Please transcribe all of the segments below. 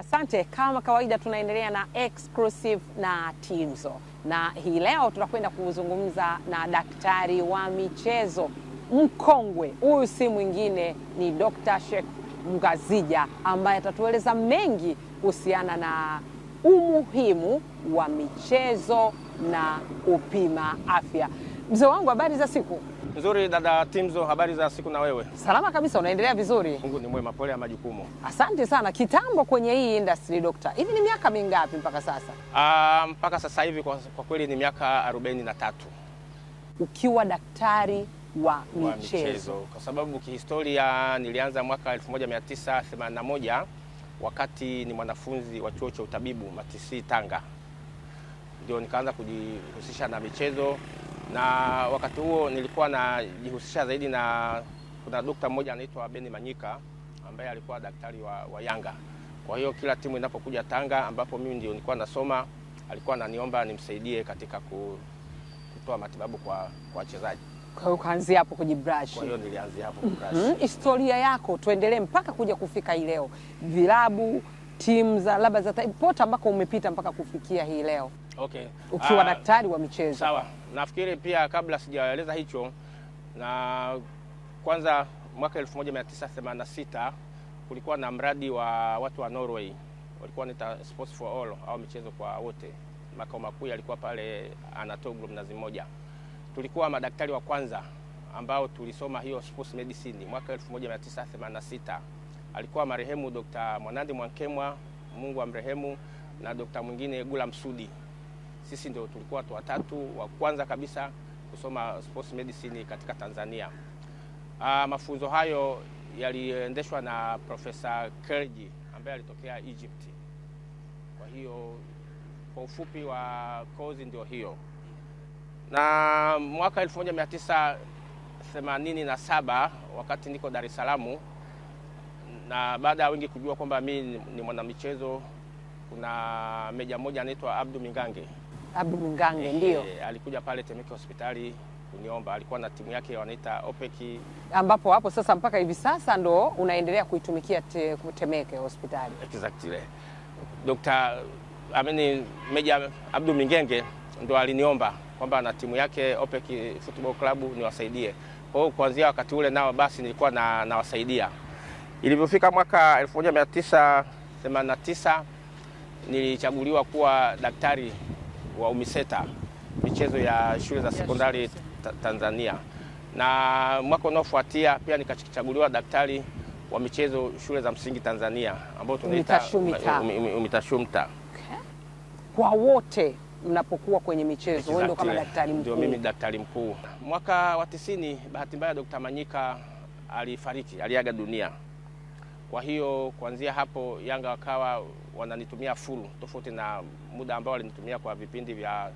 Asante. Kama kawaida, tunaendelea na exclusive na Timzoo, na hii leo tunakwenda kuzungumza na daktari wa michezo mkongwe. Huyu si mwingine ni Dr. Sheikh mgazija ambaye atatueleza mengi kuhusiana na umuhimu wa michezo na upima afya. Mzee wangu, habari za siku? Nzuri dada Timzo, habari za siku na wewe? Salama kabisa, unaendelea vizuri? Mungu ni mwema, pole ya majukumu. Asante sana. Kitambo kwenye hii industry doctor, hivi ni miaka mingapi mpaka sasa? Uh, mpaka sasa hivi kwa, kwa kweli ni miaka arobaini na tatu ukiwa daktari wa, wa michezo. michezo kwa sababu kihistoria nilianza mwaka 1981 wakati ni mwanafunzi wa chuo cha utabibu Matisi Tanga, ndio nikaanza kujihusisha na michezo na wakati huo nilikuwa najihusisha zaidi na kuna dokta mmoja anaitwa Beni Manyika ambaye alikuwa daktari wa, wa Yanga. Kwa hiyo kila timu inapokuja Tanga ambapo mimi ndio nilikuwa nasoma, alikuwa ananiomba nimsaidie katika kutoa matibabu kwa wachezaji. Kwa hiyo ukaanzia hapo kujibrush. Kwa hiyo nilianzia hapo kujibrush. Mhm. Mm -hmm. Historia yako tuendelee mpaka kuja kufika hii leo, vilabu timu za labda za pote ambako umepita mpaka kufikia hii leo. Okay. Ukiwa uh, daktari wa michezo. Sawa. Nafikiri pia kabla sijaeleza hicho, na kwanza mwaka 1986 kulikuwa na mradi wa watu wa Norway walikuwa ni sports for all au michezo kwa wote. Makao makuu yalikuwa pale Anatoglu Mnazi Mmoja. Tulikuwa madaktari wa kwanza ambao tulisoma hiyo sports medicine mwaka 1986. Alikuwa marehemu Dr. Mwanandi Mwankemwa, Mungu amrehemu, na Dr. mwingine Gula Msudi sisi ndio tulikuwa watu watatu wa kwanza kabisa kusoma sports medicine katika Tanzania. Uh, mafunzo hayo yaliendeshwa na Profesa Kerji ambaye alitokea Egypt. Kwa hiyo kwa ufupi wa kozi ndio hiyo, na mwaka 1987 wakati niko Dar es Salaam, na baada ya wengi kujua kwamba mimi ni mwanamichezo, kuna meja mmoja anaitwa Abdu Mingange Abu Mungange ndio eh, alikuja pale Temeke hospitali kuniomba, alikuwa na timu yake wanaita Opeki, ambapo hapo sasa mpaka hivi sasa ndo unaendelea kuitumikia te, Temeke hospitali exactly. Dr. ameni Meja Abdu Mingenge ndo aliniomba kwamba na timu yake Opec Football Club niwasaidie. Kwa hiyo kuanzia wakati ule nao basi nilikuwa na nawasaidia. Ilivyofika mwaka 1989 nilichaguliwa kuwa daktari wa UMISETA, michezo ya shule za sekondari Tanzania, na mwaka unaofuatia pia nikachaguliwa daktari wa michezo shule za msingi Tanzania ambao tunaita UMITASHUMTA. Kwa wote mnapokuwa kwenye michezo wewe ndio kama daktari mkuu. Ndio mimi daktari mkuu. Mwaka wa tisini, bahati mbaya Dr. Manyika alifariki, aliaga dunia. Kwa hiyo kuanzia hapo Yanga wakawa wananitumia fulu tofauti na muda ambao walinitumia kwa vipindi vya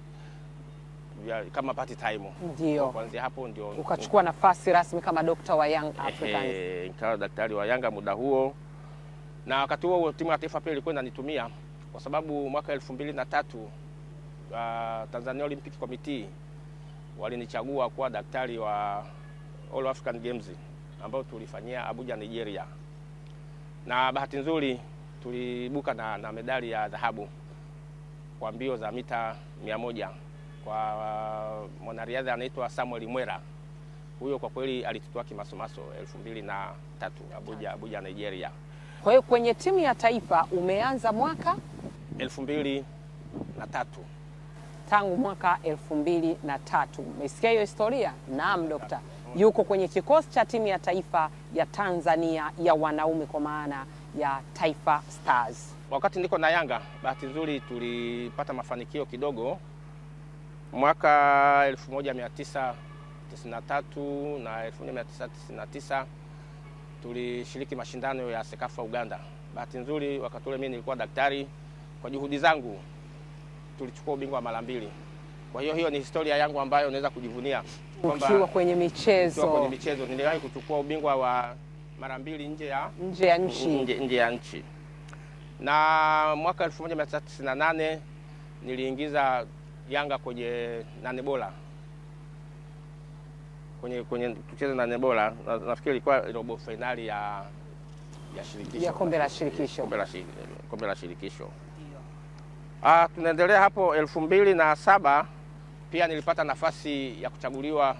ya, kama part time. Ndio. Kuanzia hapo ndio ukachukua nafasi rasmi kama dokta wa Young Africans. nikawa daktari wa Yanga muda huo. Na wakati huo timu ya taifa pia ilikuwa inanitumia kwa sababu mwaka elfu mbili na tatu uh, Tanzania Olympic Committee walinichagua kuwa daktari wa All African Games ambao tulifanyia Abuja, Nigeria na bahati nzuri tuliibuka na, na medali ya dhahabu kwa mbio za mita mia moja kwa uh, mwanariadha anaitwa Samuel Mwera. Huyo kwa kweli alitutoa kimasomaso elfu mbili na tatu Abuja, Abuja Nigeria. Kwa hiyo kwenye timu ya taifa umeanza mwaka elfu mbili na tatu tangu mwaka elfu mbili na tatu Umesikia hiyo historia? Naam, dokta yuko kwenye kikosi cha timu ya taifa ya Tanzania ya wanaume kwa maana ya Taifa Stars. Wakati niko na Yanga, bahati nzuri tulipata mafanikio kidogo mwaka 1993 na 1999 tulishiriki mashindano ya Sekafa Uganda. Bahati nzuri wakati ule mimi nilikuwa daktari, kwa juhudi zangu tulichukua ubingwa mara mbili. Kwa hiyo hiyo ni historia yangu ambayo naweza kujivunia ukiwa kwenye michezo, kwenye michezo niliwahi kuchukua ubingwa wa mara mbili nje ya nje ya nchi, nje, nje ya nchi na mwaka 1998 niliingiza Yanga kwenye nane bora kwenye kwenye kucheza nane bora na, nafikiri ilikuwa robo fainali ya ya shirikisho ya kombe la shirikisho kombe la shirikisho, kombe la shirikisho. Ah, tunaendelea hapo elfu mbili na saba pia nilipata nafasi ya kuchaguliwa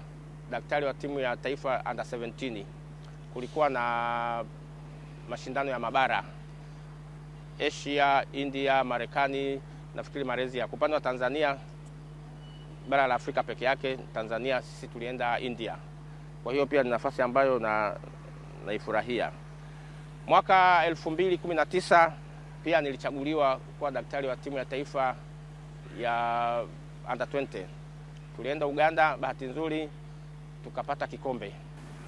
daktari wa timu ya taifa under 17. Kulikuwa na mashindano ya mabara Asia, India, Marekani, nafikiri Malaysia. Kwa upande wa Tanzania, bara la Afrika peke yake, Tanzania sisi tulienda India. Kwa hiyo pia ni nafasi ambayo na naifurahia. Mwaka 2019 pia nilichaguliwa kuwa daktari wa timu ya taifa ya under 20. Tulienda Uganda, bahati nzuri tukapata kikombe.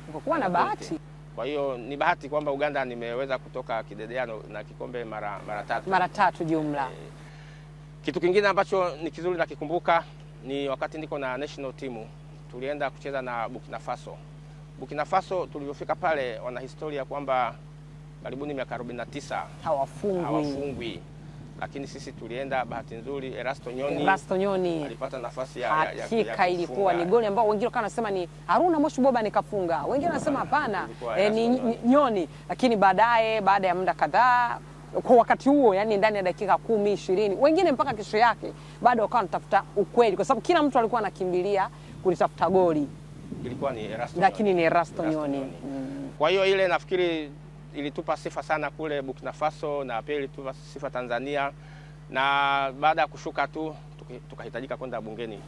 Ungekuwa na bahati. Kwa hiyo ni bahati kwamba Uganda nimeweza kutoka kidedeano na kikombe mara, mara tatu, mara tatu jumla. Eh, kitu kingine ambacho ni kizuri nakikumbuka ni wakati niko na national team tulienda kucheza na Burkina Faso. Burkina Faso tulivyofika pale, wana historia kwamba karibuni miaka 49 hawafungwi, hawafungwi lakini sisi tulienda bahati nzuri Erasto Nyoni, Erasto Nyoni alipata nafasi ya hakika, ilikuwa ni goli ambao wengine wakawa nasema ni Haruna Moshi Boba nikafunga, wengine wanasema hapana e, ni Nyoni, lakini baadaye baada ya muda kadhaa kwa wakati huo, yani ndani ya dakika kumi ishirini, wengine mpaka kesho yake bado wakawa wanatafuta ukweli, kwa sababu kila mtu alikuwa anakimbilia kulitafuta goli, ilikuwa ni Erasto, lakini ni Erasto Nyoni. Mm. Kwa hiyo ile nafikiri ilitupa sifa sana kule Burkina Faso na pia ilitupa sifa Tanzania, na baada ya kushuka tu tukahitajika kwenda bungeni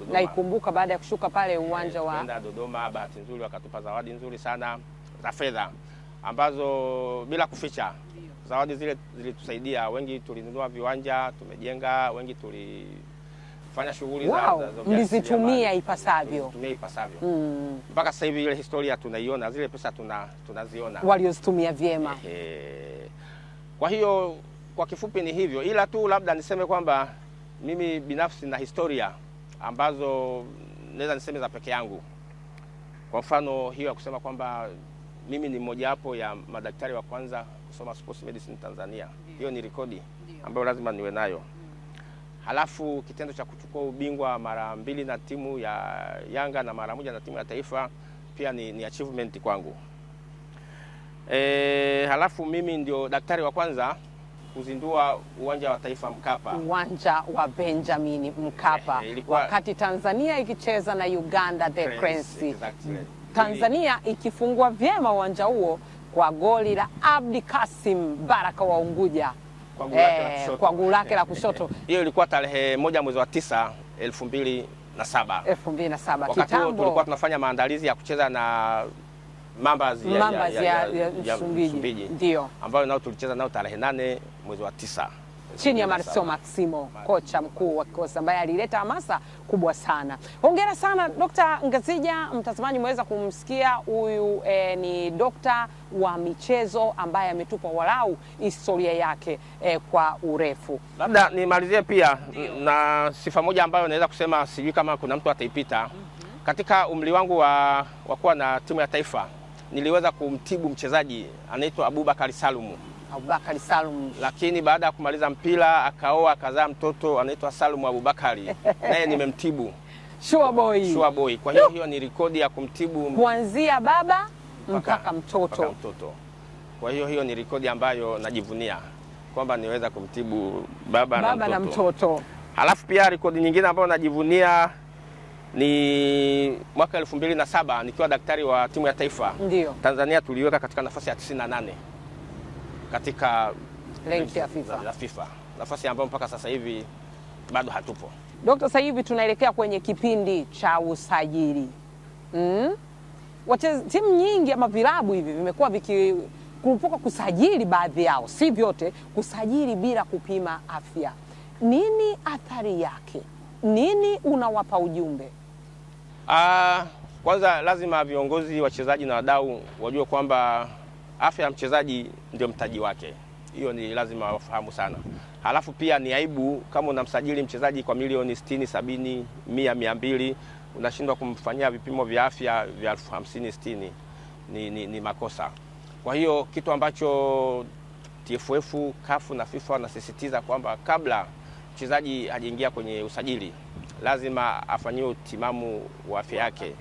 Dodoma. ikumbuka baada ya kushuka pale uwanja wa kwenda Dodoma, bahati nzuri wakatupa zawadi nzuri sana za fedha ambazo bila kuficha zawadi zile zilitusaidia. Wengi tulinunua viwanja tumejenga, wengi tuli kufanya shughuli wow, za mlizitumia ipasavyo ipasavyo hmm. mpaka mm. Sasa hivi ile historia tunaiona, zile pesa tuna, tunaziona waliozitumia vyema. Kwa hiyo kwa kifupi ni hivyo, ila tu labda niseme kwamba mimi binafsi na historia ambazo naweza niseme za peke yangu. Kwa mfano hiyo ya kusema kwamba mimi ni wapo ya madaktari wa kwanza kusoma sports medicine Tanzania, hiyo ni rekodi ambayo lazima niwe nayo. Halafu kitendo cha kuchukua ubingwa mara mbili na timu ya Yanga na mara moja na timu ya taifa pia ni, ni achievement kwangu. E, halafu mimi ndio daktari wa kwanza kuzindua uwanja wa taifa Mkapa, uwanja wa Benjamin Mkapa e, ilikuwa... wakati Tanzania ikicheza na Uganda the Cranes, exactly. Mm. Tanzania ikifungua vyema uwanja huo kwa goli la Abdi Kasim Baraka wa Unguja kwa guu eh, lake la kushoto. Hiyo ilikuwa tarehe moja mwezi wa tisa elfu mbili na saba elfu mbili na saba Wakati huo tulikuwa tunafanya maandalizi ya kucheza na Mambas ya, ya, ya, ya, ya, ya Msumbiji, ndio ambayo nao tulicheza nao tarehe nane mwezi wa tisa chini ya Marcio Maximo, kocha mkuu wa kikosi ambaye alileta hamasa kubwa sana. Hongera sana dokta Ngazija, mtazamaji umeweza kumsikia huyu eh, ni dokta wa michezo ambaye ametupa walau historia yake eh, kwa urefu. Labda nimalizie pia Dio, na sifa moja ambayo naweza kusema sijui kama kuna mtu ataipita. mm -hmm. Katika umri wangu wa, wa kuwa na timu ya taifa niliweza kumtibu mchezaji anaitwa Abubakari Salumu Abubakari Salum, lakini baada ya kumaliza mpira akaoa akazaa mtoto anaitwa Salum Abubakari naye nimemtibu Sure boy. Sure boy. Kwa hiyo hiyo ni rekodi ya kumtibu kuanzia baba mpaka mtoto. Mpaka mtoto. Kwa hiyo hiyo ni rekodi ambayo najivunia kwamba niweza kumtibu baba, baba na mtoto. Halafu pia rekodi nyingine ambayo najivunia ni mwaka elfu mbili na saba nikiwa daktari wa timu ya taifa. Ndiyo. Tanzania tuliweka katika nafasi ya 98 katika renki ya FIFA, la FIFA, nafasi ambayo mpaka sasa hivi bado hatupo. Dokta, sasa hivi tunaelekea kwenye kipindi cha usajili mm? timu nyingi ama vilabu hivi vimekuwa vikikurupuka kusajili baadhi yao, si vyote, kusajili bila kupima afya. Nini athari yake? Nini unawapa ujumbe? Ah, kwanza lazima viongozi, wachezaji na wadau wajue kwamba afya ya mchezaji ndio mtaji wake, hiyo ni lazima wafahamu sana. Halafu pia ni aibu kama unamsajili mchezaji kwa milioni 60, 70, 100, unashindwa kumfanyia vipimo vya afya vya elfu hamsini, sitini ni, ni, ni makosa. Kwa hiyo kitu ambacho TFF, CAF na FIFA wanasisitiza kwamba kabla mchezaji hajaingia kwenye usajili lazima afanyiwe utimamu wa afya yake,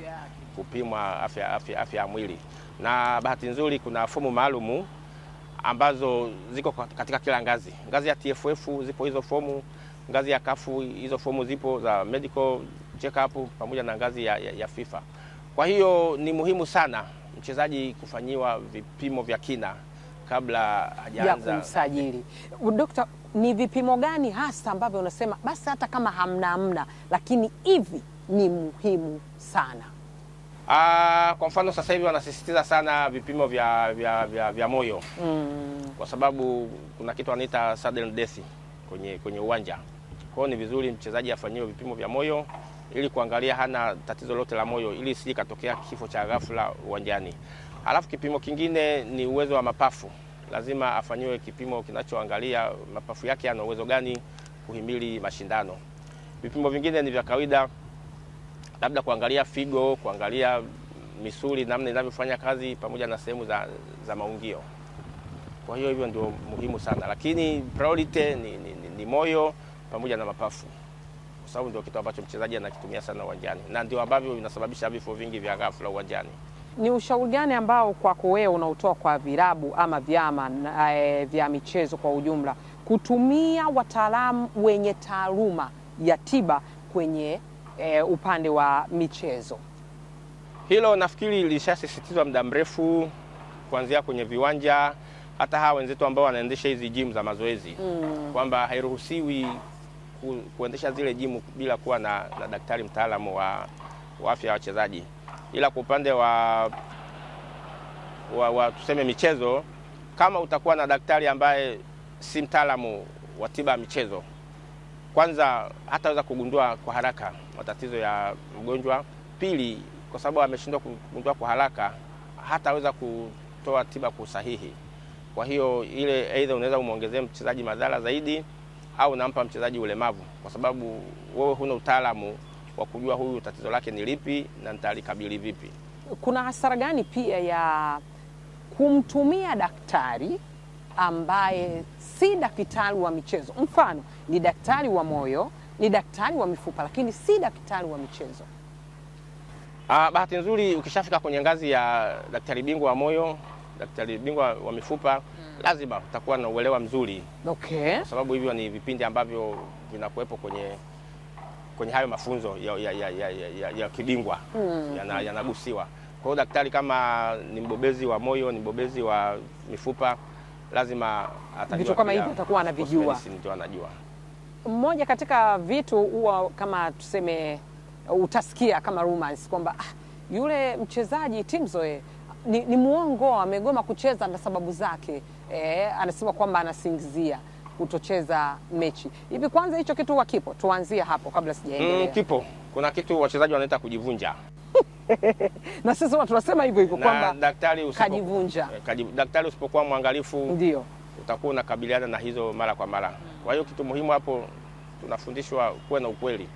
kupimwa afya ya mwili na bahati nzuri kuna fomu maalumu ambazo ziko katika kila ngazi. Ngazi ya TFF zipo hizo fomu, ngazi ya kafu hizo fomu zipo za medical check up, pamoja na ngazi ya, ya, ya FIFA. Kwa hiyo ni muhimu sana mchezaji kufanyiwa vipimo vya kina kabla hajaanza kumsajili. Dokta, ni vipimo gani hasa ambavyo unasema basi hata kama hamna hamna, lakini hivi ni muhimu sana? Aa, ah, kwa mfano sasa hivi wanasisitiza sana vipimo vya, vya, vya, vya moyo mm. Kwa sababu kuna kitu wanaita sudden death kwenye kwenye uwanja. Kwa hiyo ni vizuri mchezaji afanyiwe vipimo vya moyo ili kuangalia hana tatizo lote la moyo, ili sije katokea kifo cha ghafla uwanjani. Alafu kipimo kingine ni uwezo wa mapafu, lazima afanyiwe kipimo kinachoangalia mapafu yake yana uwezo gani kuhimili mashindano. Vipimo vingine ni vya kawaida labda kuangalia figo, kuangalia misuli namna inavyofanya kazi pamoja na sehemu za, za maungio. Kwa hiyo hivyo ndio muhimu sana, lakini priority ni, ni, ni, ni moyo pamoja na mapafu, kwa sababu ndio kitu ambacho mchezaji anakitumia sana uwanjani na ndio ambavyo inasababisha vifo vingi vya ghafla uwanjani. Ni ushauri gani ambao kwako wewe unaotoa kwa vilabu ama vyama e, eh, vya michezo kwa ujumla kutumia wataalamu wenye taaluma ya tiba kwenye e, upande wa michezo. Hilo nafikiri lishasisitizwa muda mrefu kuanzia kwenye viwanja hata hawa wenzetu ambao wanaendesha hizi jimu za mazoezi mm. kwamba hairuhusiwi ku, kuendesha zile jimu bila kuwa na, na daktari mtaalamu wa, wa afya ya wachezaji, ila kwa upande wa, wa, wa tuseme michezo, kama utakuwa na daktari ambaye si mtaalamu wa tiba ya michezo kwanza hataweza kugundua kwa haraka matatizo ya mgonjwa. Pili, kwa sababu ameshindwa kugundua kwa haraka, hataweza kutoa tiba kwa usahihi. Kwa hiyo ile, aidha unaweza umwongezee mchezaji madhara zaidi, au unampa mchezaji ulemavu, kwa sababu wewe huna utaalamu wa kujua huyu tatizo lake ni lipi na nitalikabili vipi. Kuna hasara gani pia ya kumtumia daktari ambaye si daktari wa michezo. Mfano, ni daktari wa moyo, ni daktari wa mifupa, lakini si daktari wa michezo. Ah, bahati nzuri ukishafika kwenye ngazi ya daktari bingwa wa moyo, daktari bingwa wa mifupa hmm, lazima utakuwa na uelewa mzuri okay, kwa sababu hivyo ni vipindi ambavyo vinakuwepo kwenye kwenye hayo mafunzo ya, ya, ya, ya, ya, ya kibingwa hmm, yanagusiwa ya Kwa hiyo daktari kama ni mbobezi wa moyo, ni mbobezi wa mifupa lazima vitu kama hivi atakuwa anavijua, ndio anajua. Mmoja katika vitu huwa kama tuseme, uh, utasikia kama rumors kwamba ah, yule mchezaji Timzoe ni, ni mwongo amegoma kucheza na sababu zake e, anasema kwamba anasingizia kutocheza mechi hivi. Kwanza hicho kitu huwa kipo, tuanzie hapo kabla sijaendelea. Mm, kipo kuna kitu wachezaji wanaita kujivunja na sisi tunasema hivyo hivyo kwamba daktari kajivunja. Eh, daktari usipokuwa mwangalifu, ndio utakuwa unakabiliana na hizo mara kwa mara. Kwa hiyo kitu muhimu hapo tunafundishwa kuwe na ukweli,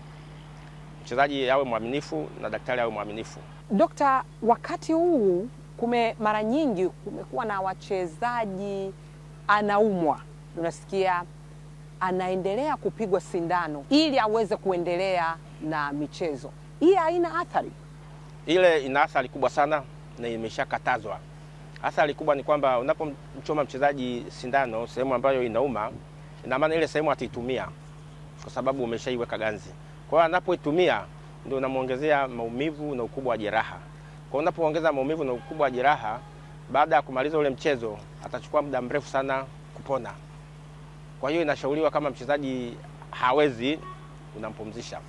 mchezaji awe mwaminifu na daktari awe mwaminifu. Dokta, wakati huu kume mara nyingi kumekuwa na wachezaji anaumwa, unasikia anaendelea kupigwa sindano ili aweze kuendelea na michezo. Hii haina athari? ile ina athari kubwa sana na imeshakatazwa. Athari kubwa ni kwamba unapomchoma mchezaji sindano sehemu ambayo inauma, ina maana ile sehemu ataitumia kwa sababu umeshaiweka ganzi. Kwa hiyo anapoitumia ndio unamwongezea maumivu na ukubwa wa jeraha. Kwa hiyo unapoongeza maumivu na ukubwa wa jeraha, baada ya kumaliza ule mchezo atachukua muda mrefu sana kupona. Kwa hiyo inashauriwa kama mchezaji hawezi, unampumzisha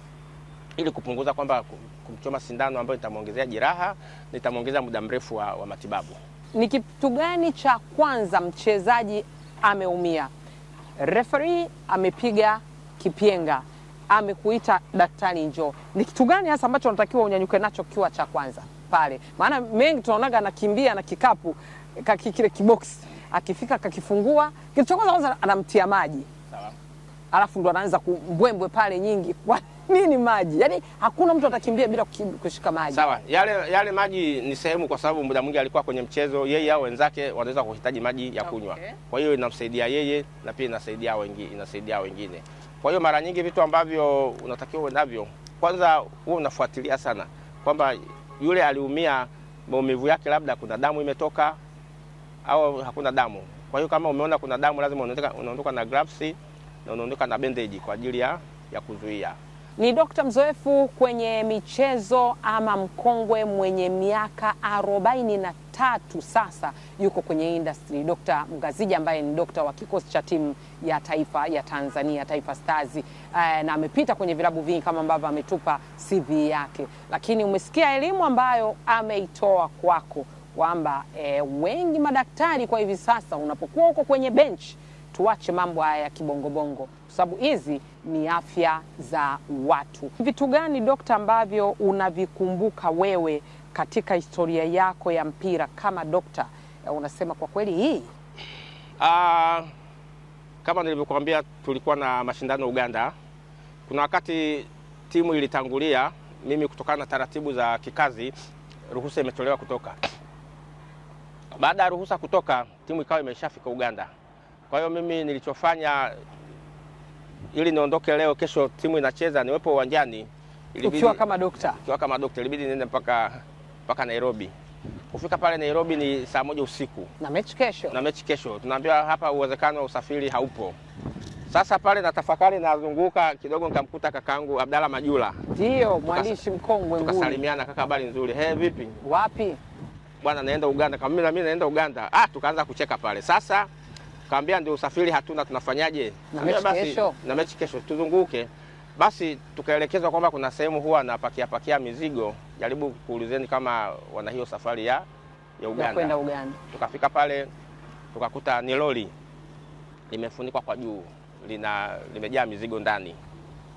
ili kupunguza kwamba kumchoma sindano ambayo nitamwongezea jeraha, nitamwongeza muda mrefu wa, wa matibabu. Ni kitu gani cha kwanza mchezaji ameumia, Referee amepiga kipyenga, amekuita daktari njoo, ni kitu gani hasa ambacho unatakiwa unyanyuke nacho kiwa cha kwanza pale? Maana mengi tunaonaga anakimbia na kikapu kaki kile kiboksi, akifika kakifungua, kitu cha kwanza kwanza anamtia maji, sawa, alafu ndo anaanza kumbwembwe pale nyingi kwa nini maji, yaani hakuna mtu atakimbia bila kushika maji. Sawa, yale yale maji ni sehemu, kwa sababu muda mwingi alikuwa kwenye mchezo, yeye au wenzake wanaweza kuhitaji maji ya kunywa okay. Kwa hiyo inamsaidia yeye na pia inasaidia wengine, inasaidia wengine. Kwa hiyo mara nyingi vitu ambavyo unatakiwa uwe navyo, kwanza huwa unafuatilia sana kwamba yule aliumia, maumivu yake labda kuna damu imetoka au hakuna damu. Kwa hiyo kama umeona kuna damu, lazima unaondoka na gloves na unaondoka na bendeji kwa ajili ya, ya kuzuia ni dokta mzoefu kwenye michezo ama mkongwe mwenye miaka arobaini na tatu sasa yuko kwenye industry. Dokta Mgazija ambaye ni dokta wa kikosi cha timu ya taifa ya Tanzania Taifa Stars, eh, na amepita kwenye vilabu vingi kama ambavyo ametupa CV yake, lakini umesikia elimu ambayo ameitoa kwako kwamba e, wengi madaktari kwa hivi sasa unapokuwa huko kwenye bench tuache mambo haya ya kibongobongo, kwa sababu hizi ni afya za watu. Vitu gani dokta, ambavyo unavikumbuka wewe katika historia yako ya mpira kama dokta, eh, unasema kwa kweli hii uh, kama nilivyokuambia tulikuwa na mashindano Uganda. Kuna wakati timu ilitangulia, mimi kutokana na taratibu za kikazi ruhusa imetolewa kutoka. Baada ya ruhusa kutoka, timu ikawa imeshafika Uganda. Kwa hiyo mimi nilichofanya ili niondoke leo, kesho timu inacheza, niwepo uwanjani. Ukiwa kama dokta, ukiwa kama dokta, ilibidi niende mpaka mpaka Nairobi. Kufika pale Nairobi ni saa moja usiku na mechi kesho, na mechi kesho. Tunaambiwa hapa uwezekano wa usafiri haupo. Sasa pale na tafakari, nazunguka kidogo, nikamkuta kakaangu Abdalla Majula, ndio mwandishi mkongwe. Tukasalimiana, kaka, habari nzuri. He, vipi? Wapi bwana? Naenda Uganda. Kama mimi na mimi naenda Uganda. Ah, tukaanza kucheka pale sasa kaambia ndio usafiri hatuna, tunafanyaje? na mechi kesho, na mechi kesho tuzunguke. Basi tukaelekezwa kwamba kuna sehemu huwa anapakia pakia mizigo, jaribu kuulizeni kama wana hiyo safari ya ya Uganda, kwenda Uganda. Tukafika pale tukakuta ni lori limefunikwa kwa juu, lina limejaa mizigo ndani,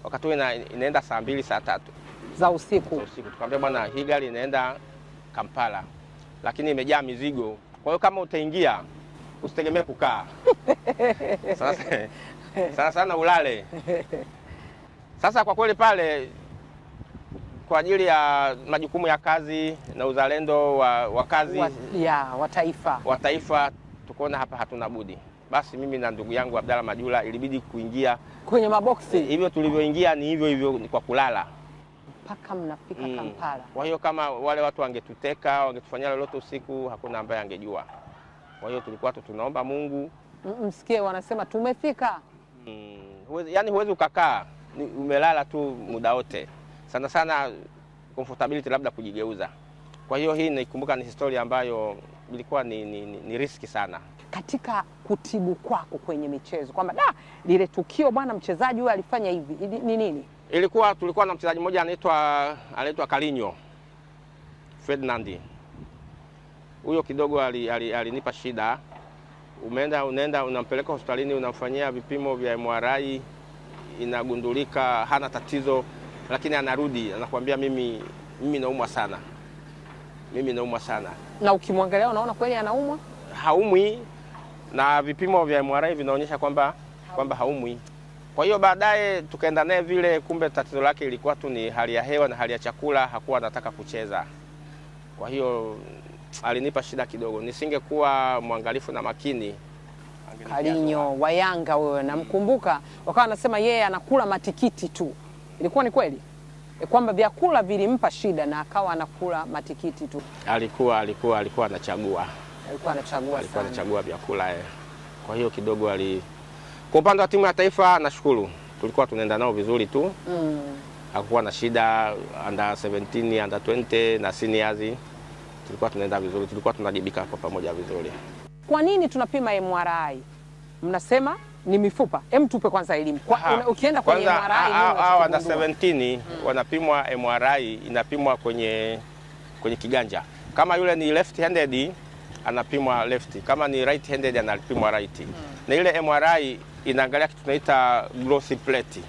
wakati huo ina, inaenda saa mbili saa tatu za usiku, za usiku. Tukamwambia bwana, hii gari inaenda Kampala lakini imejaa mizigo, kwa hiyo kama utaingia usitegemee kukaa sasa sana sana ulale. Sasa kwa kweli pale kwa ajili ya majukumu ya kazi na uzalendo wa, wa kazi wa, ya, wa taifa wa taifa, tukaona hapa hatuna budi. Basi mimi na ndugu yangu Abdalla Majula ilibidi kuingia kwenye maboksi. Eh, hivyo tulivyoingia ni hivyo hivyo, ni kwa kulala mpaka mnafika mm, Kampala. Kwa hiyo kama wale watu wangetuteka wangetufanyia lolote usiku, hakuna ambaye angejua. Kwa hiyo tulikuwa tu tunaomba Mungu msikie, wanasema tumefika. Mm, huwezi, yani huwezi ukakaa umelala tu muda wote, sana sana comfortability labda kujigeuza. Kwa hiyo hii naikumbuka ni historia ambayo ilikuwa ni, ni, ni, ni riski sana katika kutibu kwako kwenye michezo, kwamba da lile tukio bwana, mchezaji huyo alifanya hivi, ni nini? Ilikuwa tulikuwa na mchezaji mmoja anaitwa anaitwa Kalinyo Ferdinandi huyo kidogo alinipa ali, ali shida. Umeenda unaenda unampeleka hospitalini unamfanyia vipimo vya MRI, inagundulika hana tatizo, lakini anarudi anakuambia mimi mimi naumwa sana, mimi naumwa sana. Na ukimwangalia unaona kweli anaumwa, haumwi, na vipimo vya MRI vinaonyesha kwamba kwamba haumwi. Kwa hiyo baadaye tukaenda naye vile, kumbe tatizo lake ilikuwa tu ni hali ya hewa na hali ya chakula, hakuwa anataka kucheza. Kwa hiyo alinipa shida kidogo, nisingekuwa mwangalifu na makini. Kalinyo wa Yanga wewe, namkumbuka mm. wakawa anasema yeye yeah, anakula matikiti tu. Ilikuwa ni kweli e, kwamba vyakula vilimpa shida na akawa anakula matikiti tu? Alikuwa alikuwa alikuwa anachagua alikuwa anachagua alikuwa anachagua vyakula eh. Kwa hiyo kidogo ali, kwa upande wa timu ya taifa nashukuru tulikuwa tunaenda nao vizuri tu mm. Hakukuwa na shida under 17 under 20 na seniors tulikuwa tunaenda vizuri, tulikuwa tunajibika kwa pamoja vizuri. Kwa nini tunapima MRI? Mnasema ni mifupa. Hem, tupe kwanza elimu kwa, ukienda kwenye kwanza, MRI hawa wana 17 hmm, wanapimwa MRI, inapimwa kwenye kwenye kiganja. Kama yule ni left handed anapimwa left, kama ni right handed anapimwa right. Hmm. Na ile MRI inaangalia kitu tunaita growth plate,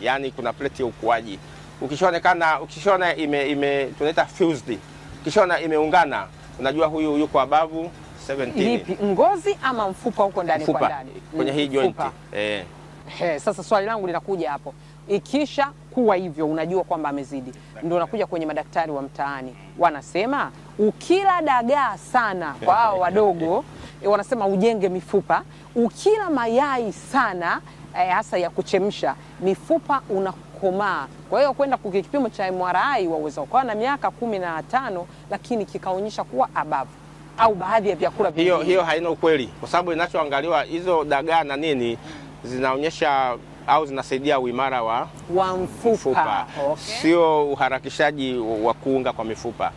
yani kuna plate ya ukuaji. Ukishaonekana ukishaona ime, ime tunaita fused Kishona imeungana, unajua huyu yuko abavu 17. Lipi ngozi ama mfupa huko ndani kwa ndani kwenye hii joint eh. He, sasa swali langu linakuja hapo, ikisha kuwa hivyo unajua kwamba amezidi, ndio unakuja kwenye madaktari wa mtaani wanasema ukila dagaa sana kwa hao wadogo e, wanasema ujenge mifupa, ukila mayai sana e, hasa ya kuchemsha mifupa una kukomaa. Kwa hiyo kwenda kwa kipimo cha MRI waweza ukawa na miaka kumi na tano lakini kikaonyesha kuwa above au baadhi ya vyakula hiyo, hiyo haina ukweli, kwa sababu inachoangaliwa hizo dagaa na nini zinaonyesha au zinasaidia uimara wa, wa mfupa, mfupa. okay. Sio uharakishaji wa kuunga kwa mifupa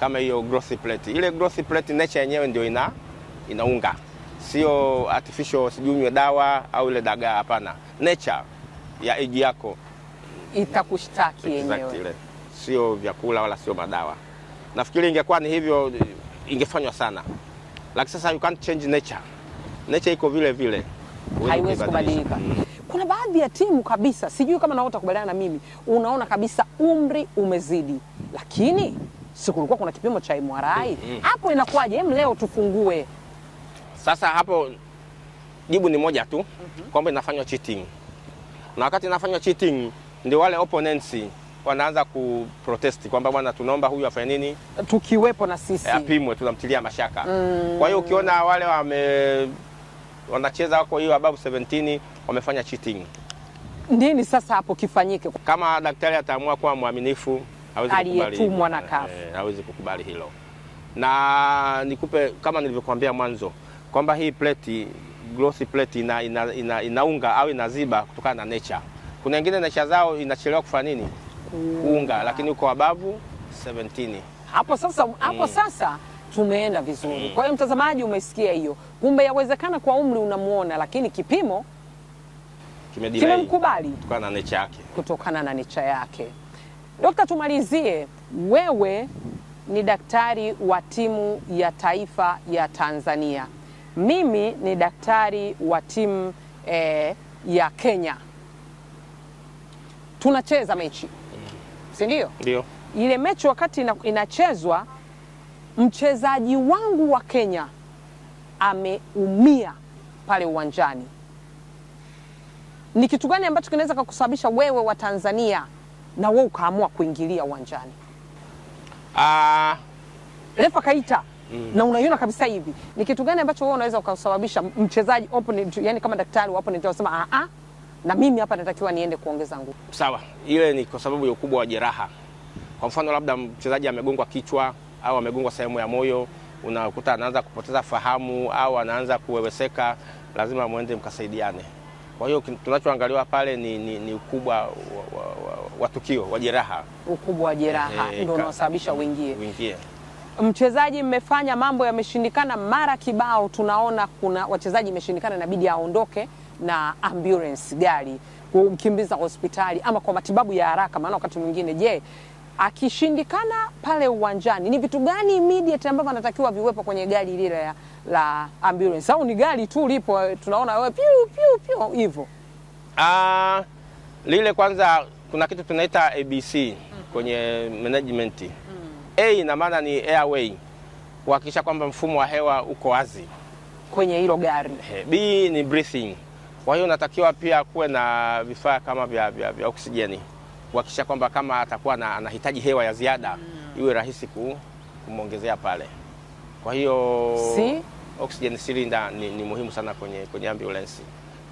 kama hiyo growth plate. Ile growth plate nature yenyewe ndio ina inaunga, sio artificial, sijunywe dawa au ile dagaa. Hapana, nature ya eji yako itakushtaki yenyewe, exactly. sio vyakula wala sio madawa. Nafikiri ingekuwa ni hivyo ingefanywa sana, lakini sasa you can't change nature. Nature iko vile vile, haiwezi kubadilika. Mm. Kuna baadhi ya timu kabisa, sijui kama nawe utakubaliana na mimi, unaona kabisa umri umezidi, lakini si kulikuwa kuna kipimo cha MRI mm, mm. hapo? Inakuwaje hem, leo tufungue sasa? Hapo jibu ni moja tu, mm -hmm. kwamba inafanywa cheating, na wakati inafanywa cheating ndio wale opponents wanaanza kuprotesti kwamba bwana, tunaomba huyu afanye nini, tukiwepo na sisi eh, apimwe, tunamtilia mashaka mm. Kwa hiyo ukiona wale wame wanacheza wako hiyo ababu 17 wamefanya cheating, nini sasa hapo kifanyike? Kama daktari ataamua kuwa mwaminifu, aliyetumwa na CAF eh, hawezi kukubali hilo, na nikupe kama nilivyokuambia mwanzo kwamba hii pleti, glossy plate ina, ina, ina, inaunga au inaziba kutokana na nature kuna wengine nasha zao inachelewa kufanya nini kuunga, lakini uko wabavu 17 hapo sasa, hapo mm. sasa tumeenda vizuri mm. Kwa hiyo mtazamaji, umesikia hiyo, kumbe yawezekana kwa umri unamuona, lakini kipimo kimemkubali kutokana na necha yake, kutokana na necha yake. Dokta, tumalizie, wewe ni daktari wa timu ya taifa ya Tanzania, mimi ni daktari wa timu eh, ya Kenya tunacheza mechi si ndio? Ndio. Ile mechi wakati inachezwa, mchezaji wangu wa Kenya ameumia pale uwanjani. Ni kitu gani ambacho kinaweza kukusababisha wewe wa Tanzania na wewe ukaamua kuingilia uwanjani? Ah. Refa kaita mm. na unaiona kabisa hivi, ni kitu gani ambacho wewe unaweza ukasababisha mchezaji opponent, yani kama daktari wa opponent wasema a ah, a ah, na mimi hapa natakiwa niende kuongeza nguvu. Sawa, ile ni kwa sababu ya ukubwa wa jeraha. Kwa mfano, labda mchezaji amegongwa kichwa au amegongwa sehemu ya moyo, unakuta anaanza kupoteza fahamu au anaanza kuweweseka, lazima mwende mkasaidiane. Kwa hiyo tunachoangaliwa pale ni, ni, ni ukubwa wa, wa, wa, wa tukio wa jeraha. Ukubwa wa jeraha eh, ndio unaosababisha uingie uingie mchezaji mmefanya mambo yameshindikana mara kibao, tunaona kuna wachezaji imeshindikana, inabidi aondoke na ambulance gari kumkimbiza hospitali ama kwa matibabu ya haraka. Maana wakati mwingine, je, akishindikana pale uwanjani, ni vitu gani immediate ambavyo anatakiwa viwepo kwenye gari lile la, ambulance, au ni gari tu lipo tunaona wewe piu piu piu hivyo? Ah, lile kwanza, kuna kitu tunaita ABC kwenye management hmm. A ina maana ni airway, kuhakikisha kwamba mfumo wa hewa uko wazi kwenye hilo gari. Eh, B ni breathing kwa hiyo natakiwa pia kuwe na vifaa kama vya, vya, vya oksijeni kuhakikisha kwamba kama atakuwa anahitaji hewa ya ziada mm. iwe rahisi kumwongezea pale. Kwa hiyo si? oxygen cylinder ni, ni muhimu sana kwenye, kwenye ambulensi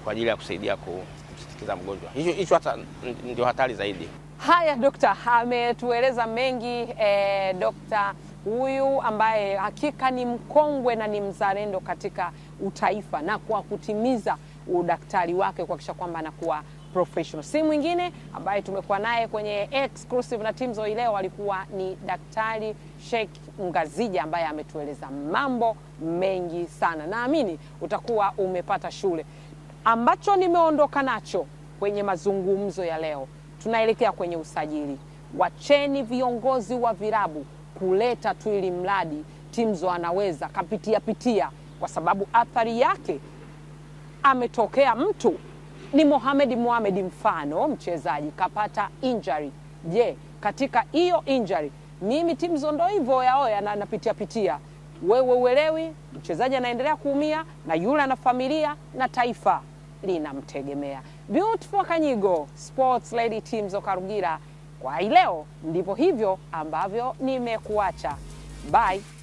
kwa ajili ya kusaidia kumsindikiza mgonjwa. Hicho hata ndio hatari zaidi. Haya, dokta ametueleza mengi eh, dokta huyu ambaye hakika ni mkongwe na ni mzalendo katika utaifa na kwa kutimiza udaktari wake kuhakikisha kwamba anakuwa professional. Si mwingine ambaye tumekuwa naye kwenye exclusive na timzo leo alikuwa ni Daktari Sheikh Ngazija ambaye ametueleza mambo mengi sana, naamini utakuwa umepata shule. Ambacho nimeondoka nacho kwenye mazungumzo ya leo, tunaelekea kwenye usajili. Wacheni viongozi wa vilabu kuleta tu ili mradi timzo anaweza kapitia pitia, kwa sababu athari yake ametokea mtu ni Mohamed Mohamed, mfano mchezaji kapata injury. Je, katika hiyo injury, mimi timu zondo hivyo yaoya napitia pitia, wewe uelewi, mchezaji anaendelea kuumia na yule ana familia na taifa linamtegemea. Beautiful Kanyigo, sports lady team Zokarugira, kwa leo ndivyo hivyo ambavyo nimekuacha. Bye.